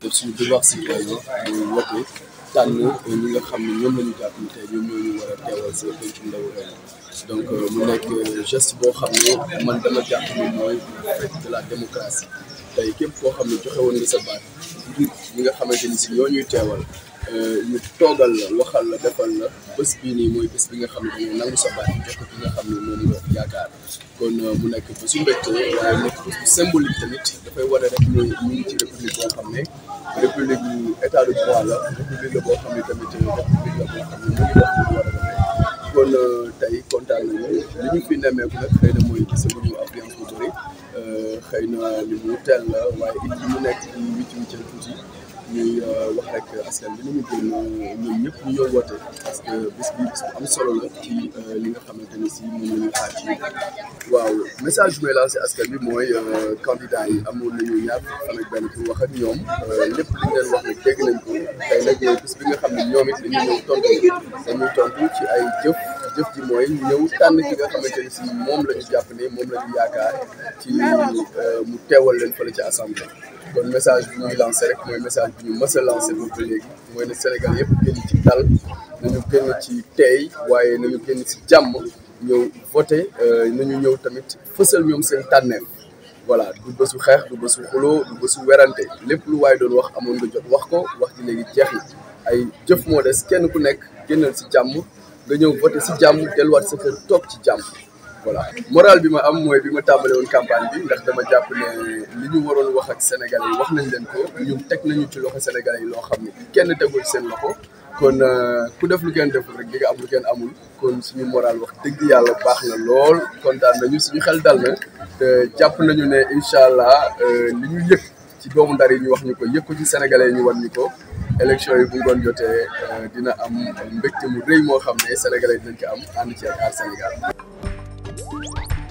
def suñu devoir citoyen muy wote tànn ñi nga xam ne ñoom la ñu jàpp ni tey ñoom ñoo war a teewal si pencum ndaw réew donc euh, mu nekk euh, geste boo xam ne man dama jàpp ni mooy fête de la démocratie tey képp koo xam ne joxe woon nga sa baat ngir ñi nga xamante ni si ñoo ñuy teewal ñu toogal la waxal la defal la bés bii nii mooy bés bi nga xam ne dañoo nangu sa baat jox ko nga xam ne moom la yaakaar kon euh, mu nekk bésu mbégte waaye nekk bés bu symbolique tamit dafay wane rek ñu ñu ngi ci république boo xam ne république bu état de droit la république la boo xam ne tamit euh, république la boo xam mu ngi wax lu war a defee kon euh, tey kontaan nañu fi nemmeeku nag xëy na mooy gis nga ñu ambiance bu bëri xëy na li mu teel la waaye it mu nekk ci wicc ñuy euh, wax rek askan bi nu mu génn ñun ñëpp ñu ñoo woote parce que am solo la ci euh, li nga xamante ni si moom la ñu xaar ci waaw message bi may lancé bi mooy euh, candidat yi amoon nañu ñaar fan ak benn pour wax a ñoom lépp li ngeen wax nag dégg nañ ko tey bi nga xam ne ñoom it dañuy ñëw tontu dañuy tontu ci ay jëf. jëf ji mooy ñëw tànn ki nga xamante ne si moom la ñu jàpp ne moom la ñu yaakaar ci euh, mu teewal leen fële ci assemblée. kon message bi ñuy lancé rek mooy message bi ñu mës a lancé ba léegi mooy ne Sénégal yëpp génn ci dal nañu génn ci teey waaye nañu génn ci jàmm ñëw voté euh, nañu ñëw tamit fësal ñoom seen tànneef. voilà du bësu xeex du bësu xuloo du bësu werante lépp lu waaye doon wax amoon nga jot wax ko wax ji léegi jeex na ay jëf moo des kenn ku nekk génnal ci jàmm. nga ñëw voté si jàmm delluwaat sa kër toog ci jàmm voilà moral bi ma am mooy bi ma tàmbale woon campagne bi ndax dama jàpp ne li ñu waroon wax ak sénégalais wax nañ leen ko ñun teg nañu ci loxo sénégalais yi loo xam ne kenn tegul seen loxo kon euh, ku def lu kenn deful rek di nga am amul kon suñu moral wax dëgg yàlla baax na lool kontaan nañu suñu xel dal na te jàpp nañu ne incha allah euh, li ñu yëg ci doomu ndar yi ñu wax ñu ko yëg ko ci sénégalais yi ñu war ñu ko élection yi bu ngoon jotee euh, dina am mbégte mu rëy moo xam ne sénégalais dinañ ko am ànd ci ak Aar Sénégal.